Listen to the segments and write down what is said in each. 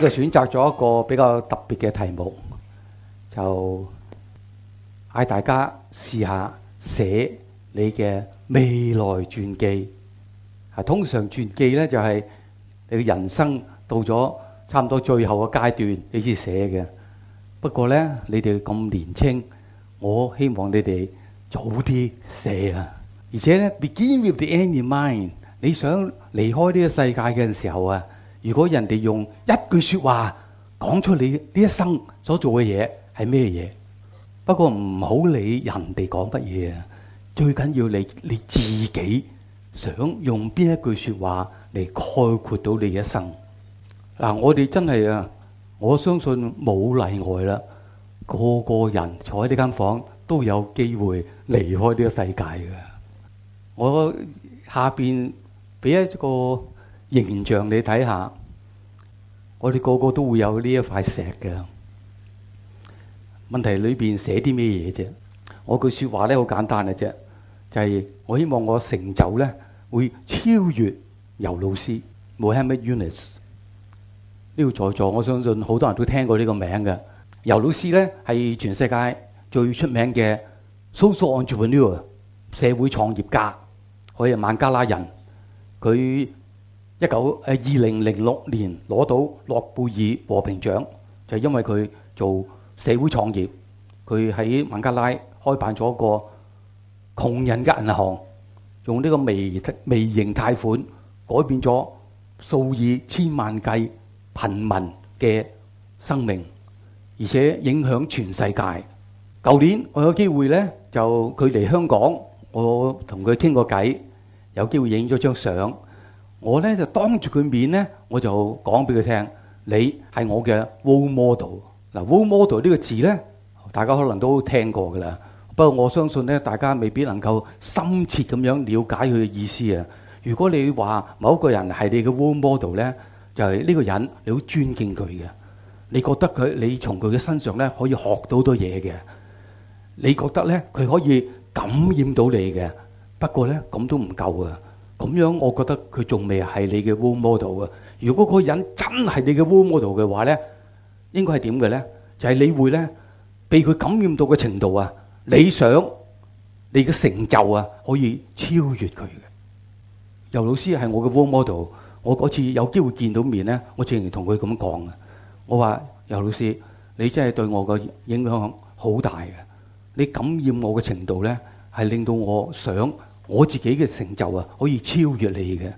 我哋選擇咗一個比較特別嘅題目，就嗌大家試下寫你嘅未來傳記。啊，通常傳記咧就係你嘅人生到咗差唔多最後嘅階段，你先寫嘅。不過咧，你哋咁年輕，我希望你哋早啲寫啊！而且咧，Begin with the end in mind。你想離開呢個世界嘅時候啊～如果人哋用一句說話講出你呢一生所做嘅嘢係咩嘢？不過唔好理人哋講乜嘢啊！最緊要你你自己想用邊一句說話嚟概括到你一生嗱，我哋真係啊，我相信冇例外啦。個個人坐喺呢間房都有機會離開呢個世界嘅。我下邊俾一個。形象你睇下，我哋個個都會有呢一塊石嘅。問題裏邊寫啲咩嘢啫？我句説話咧好簡單嘅啫，就係我希望我成就咧會超越尤老師。Muhammad Yunus，呢個在座，我相信好多人都聽過呢個名嘅。尤老師咧係全世界最出名嘅 social entrepreneur 社會創業家，佢係孟加拉人，佢。一九誒二零零六年攞到諾貝爾和平獎，就係因為佢做社會創業，佢喺孟加拉開辦咗一個窮人嘅銀行，用呢個微貸微型貸款改變咗數以千萬計貧民嘅生命，而且影響全世界。舊年我有機會咧，就佢嚟香港，我同佢傾過偈，有機會影咗張相。我咧就當住佢面咧，我就講俾佢聽，你係我嘅 role model。嗱，role model 呢個字咧，大家可能都聽過㗎喇。不過我相信咧，大家未必能夠深切咁樣瞭解佢嘅意思啊。如果你話某一個人係你嘅 role model 咧，就係呢個人，你好尊敬佢嘅，你覺得佢，你從佢嘅身上咧可以學到好多嘢嘅，你覺得咧佢可以感染到你嘅。不過咧，咁都唔夠啊。咁樣，我覺得佢仲未係你嘅 role model 嘅。如果嗰個人真係你嘅 role model 嘅話咧，應該係點嘅咧？就係你會咧被佢感染到嘅程度啊！你想你嘅成就啊，可以超越佢嘅。尤老師係我嘅 role model，我嗰次有機會見到面咧，我自然同佢咁講嘅。我話尤老師，你真係對我嘅影響好大嘅。你感染我嘅程度咧，係令到我想，我自己嘅成就啊，可以超越你嘅。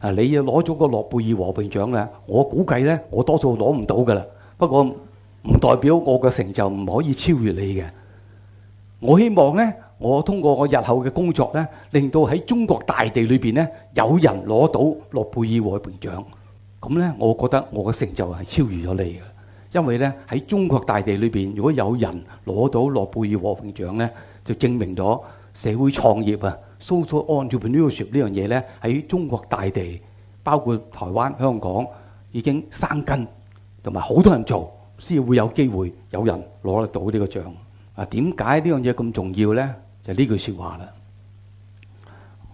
啊，你又攞咗個諾貝爾和平獎咧，我估計咧，我多數攞唔到噶啦。不過唔代表我嘅成就唔可以超越你嘅。我希望咧，我通過我日後嘅工作咧，令到喺中國大地裏邊咧，有人攞到諾貝爾和平獎。咁咧，我覺得我嘅成就係超越咗你嘅。因為咧，喺中國大地裏邊，如果有人攞到諾貝爾和平獎咧，就證明咗社會創業啊！Social Entrepreneurship 呢樣嘢咧，喺中國大地，包括台灣、香港，已經生根，同埋好多人做先會有機會有人攞得到呢個獎。啊，點解呢樣嘢咁重要咧？就係呢句説話啦。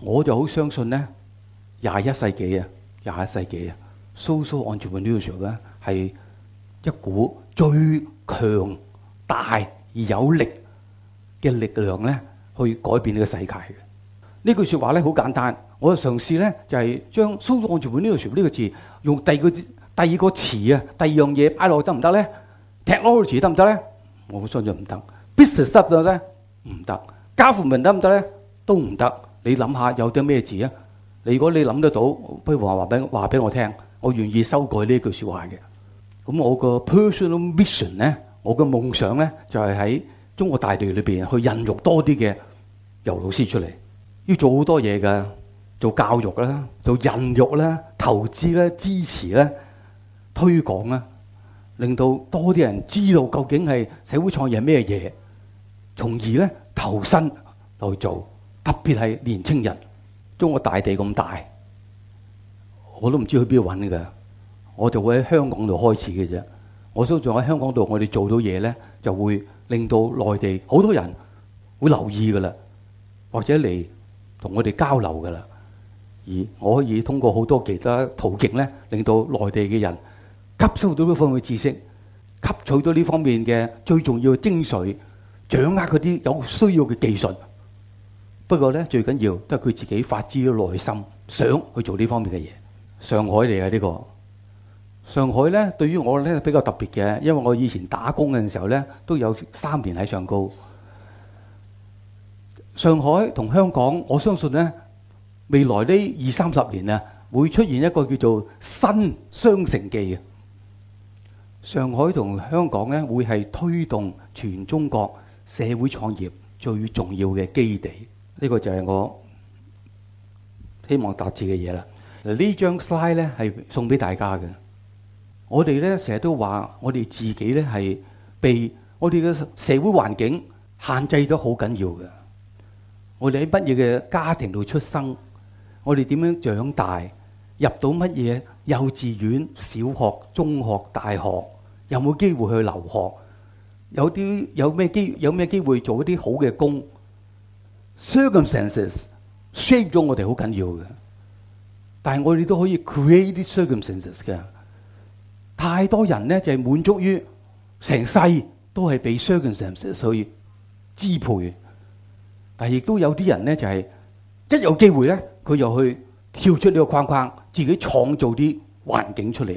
我就好相信咧，廿一世紀啊，廿一世紀啊，Social Entrepreneurship 咧係一股最強大而有力嘅力量咧，去改變呢個世界嘅。呢句説話咧好簡單，我嘗試咧就係將蘇澳全本呢個全呢個字用第二個第二個詞啊，第二樣嘢擺落得唔得咧？technology 得唔得咧？我相信唔得。business 得唔得咧？唔得。government 得唔得咧？都唔得。你諗下有啲咩字啊？你如果你諗得到，不如話話俾話俾我聽，我願意修改呢句説話嘅。咁我個 personal mission 咧，我嘅夢想咧就係喺中國大地裏邊去孕育多啲嘅幼老師出嚟。要做好多嘢嘅，做教育啦，做孕育啦，投資咧，支持咧，推廣啦，令到多啲人知道究竟係社會創業係咩嘢，從而咧投身嚟做，特別係年青人。中國大地咁大，我都唔知去邊度揾嘅，我就會喺香港度開始嘅啫。我相信喺香港度，我哋做到嘢咧，就會令到內地好多人會留意嘅啦，或者嚟，同我哋交流噶啦，而我可以通過好多其他途徑咧，令到內地嘅人吸收到呢方面嘅知識，吸取到呢方面嘅最重要嘅精髓，掌握嗰啲有需要嘅技術。不過咧，最緊要都係佢自己發自內心想去做呢方面嘅嘢。上海嚟嘅呢個，上海咧對於我咧比較特別嘅，因為我以前打工嘅時候咧都有三年喺上高。上海同香港，我相信呢，未來呢二三十年啊，會出現一個叫做新雙城記。上海同香港呢，會係推動全中國社會創業最重要嘅基地。呢個就係我希望達致嘅嘢啦。呢張 slide 是呢，係送俾大家嘅。我哋呢，成日都話，我哋自己呢，係被我哋嘅社會環境限制咗，好緊要嘅。我哋喺乜嘢嘅家庭度出生，我哋點樣長大，入到乜嘢幼稚園、小學、中學、大學，有冇機會去留學？有啲有咩機有咩機會做一啲好嘅工？circumstances shape 咗我哋好緊要嘅，但係我哋都可以 create 啲 circumstances 嘅。太多人咧就係滿足於成世都係被 circumstances 所以支配。但亦都有啲人呢，就係一有機會呢，佢就去跳出呢個框框，自己創造啲環境出嚟，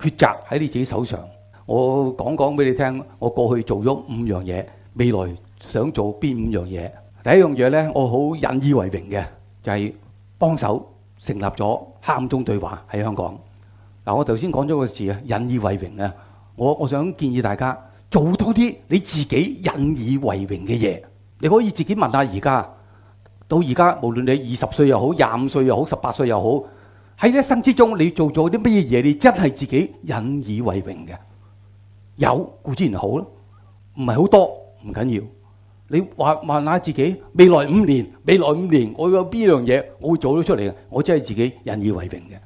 抉擇喺你自己手上。我講講俾你聽，我過去做咗五樣嘢，未來想做邊五樣嘢？第一樣嘢呢，我好引以為榮嘅，就係幫手成立咗黑暗中對話喺香港。嗱，我頭先講咗個詞，啊，引以為榮啊，我我想建議大家做多啲你自己引以為榮嘅嘢。你可以自己問下而家，到而家無論你二十歲又好，廿五歲又好，十八歲又好，喺一生之中你做咗啲乜嘢，你真係自己引以為榮嘅？有，固之然好咯，唔係好多唔緊要。你話問下自己，未來五年，未來五年，我有邊樣嘢我會做得出嚟嘅，我真係自己引以為榮嘅。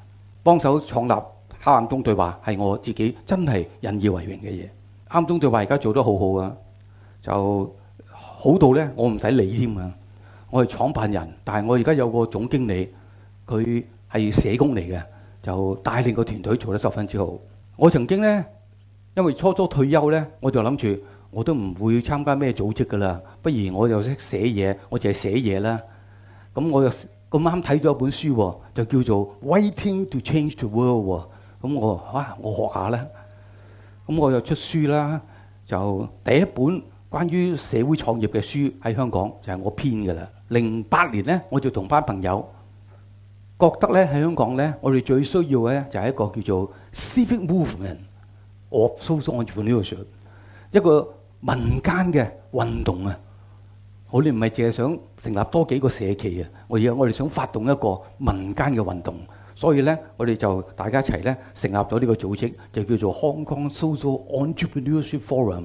幫手創立黑暗中對話係我自己真係引以為榮嘅嘢。黑暗中對話而家做得好好呀，就。好到咧，我唔使理添啊！我係創辦人，但係我而家有個總經理，佢係社工嚟嘅，就帶領個團隊做得十分之好。我曾經咧，因為初初退休咧，我就諗住我都唔會參加咩組織㗎啦，不如我就識寫嘢，我就係寫嘢啦。咁我又咁啱睇咗一本書喎，就叫做《Waiting to Change the World》喎。咁我啊，我學下啦。咁我又出書啦，就第一本。關於社會創業嘅書喺香港就係我編嘅啦。零八年咧，我就同班朋友覺得咧，喺香港咧，我哋最需要嘅咧就係一個叫做 Civic Movement of Social Entrepreneurship，一個民間嘅運動啊！我哋唔係淨係想成立多幾個社企啊，我而我哋想發動一個民間嘅運動，所以咧我哋就大家一齊咧成立咗呢個組織，就叫做 Hong Kong Social Entrepreneurship Forum。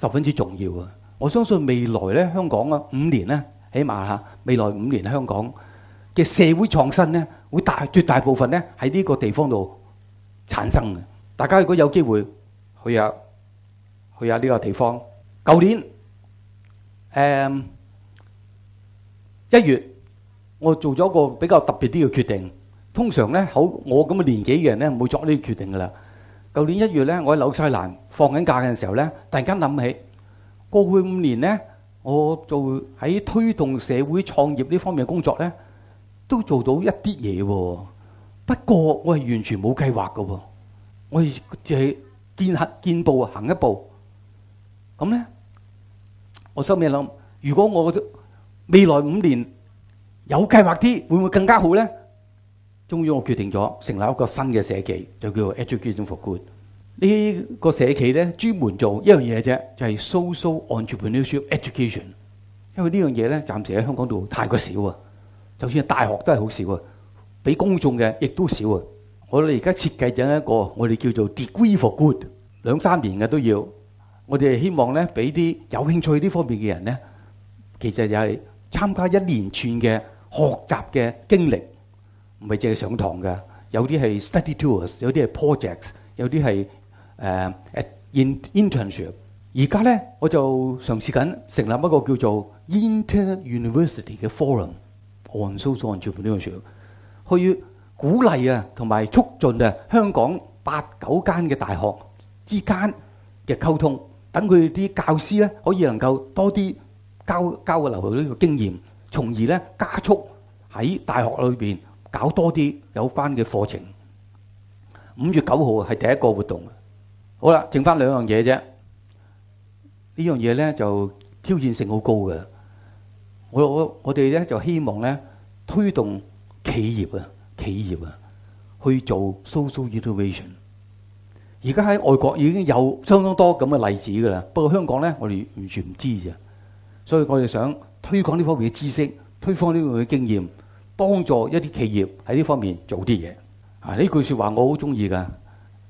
十分之重要啊！我相信未來咧，香港啊，五年咧，起碼吓未來五年，香港嘅社會創新咧，會大絕大部分咧喺呢個地方度產生嘅。大家如果有機會去下，去下呢個地方。舊年誒一月，我做咗一個比較特別啲嘅決定。通常咧，好我咁嘅年紀嘅人咧，唔會作呢個決定㗎喇。舊年一月咧，我喺紐西蘭。放緊假嘅時候咧，突然間諗起過去五年咧，我做喺推動社會創業呢方面嘅工作咧，都做到一啲嘢喎。不過我係完全冇計劃嘅喎，我係就係見客見步行一步。咁咧，我心諗，如果我未來五年有計劃啲，會唔會更加好咧？終於我決定咗成立一個新嘅社企，就叫做 Education for Good。呢個社企咧專門做一樣嘢啫，就係 social entrepreneurship education。因為呢樣嘢咧，暫時喺香港度太過少啊！就算係大學都係好少啊，俾公眾嘅亦都少啊。我哋而家設計緊一個，我哋叫做 degree for good，兩三年嘅都要。我哋係希望咧，俾啲有興趣呢方面嘅人咧，其實就係參加一連串嘅學習嘅經歷，唔係淨係上堂嘅。有啲係 study tours，有啲係 projects，有啲係。誒誒 internship，而家咧我就嘗試緊成立一個叫做 Inter University 嘅 forum，on social entrepreneurship，去鼓勵啊同埋促進啊香港八九間嘅大學之間嘅溝通，等佢啲教師咧可以能夠多啲交交流呢個經驗，從而咧加速喺大學裏邊搞多啲有關嘅課程。五月九號係第一個活動。好啦，剩翻兩樣嘢啫。呢樣嘢咧就挑戰性好高嘅。我我我哋咧就希望咧推動企業啊、企業啊去做 social innovation。而家喺外國已經有相當多咁嘅例子噶啦。不過香港咧，我哋完全唔知咋。所以我哋想推廣呢方面嘅知識，推廣呢方面嘅經驗，幫助一啲企業喺呢方面做啲嘢。啊，呢句説話我好中意噶。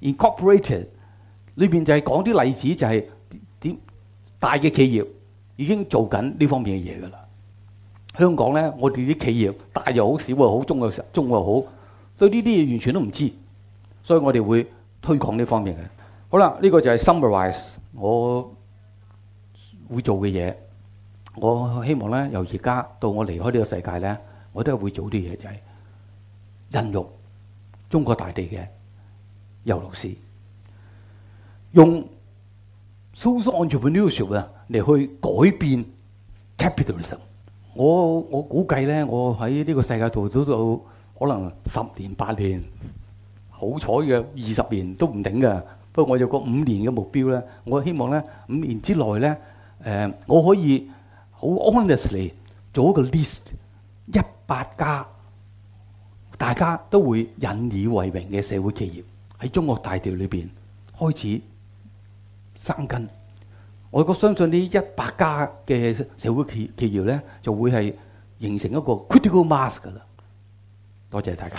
incorporated 裏邊就係講啲例子，就係點大嘅企業已經做緊呢方面嘅嘢噶啦。香港咧，我哋啲企業大又好，小又好，中又，中又好，對呢啲嘢完全都唔知，所以我哋會推廣呢方面嘅。好啦，呢個就係 summarize 我會做嘅嘢。我希望咧，由而家到我離開呢個世界咧，我都係會做啲嘢，就係孕育中國大地嘅。尤老師用 social entrepreneurship 嚟去改變 capitalism。我我估計咧，我喺呢個世界度都到可能十年八年，好彩嘅二十年都唔頂㗎。不過我有個五年嘅目標咧，我希望咧五年之內咧、呃，我可以好 honestly 做一個 list，一百家大家都會引以為榮嘅社會企業。喺中國大地裏面開始生根，我覺得相信呢一百家嘅社會企企業咧，就會係形成一個 critical mass 噶啦。多謝大家。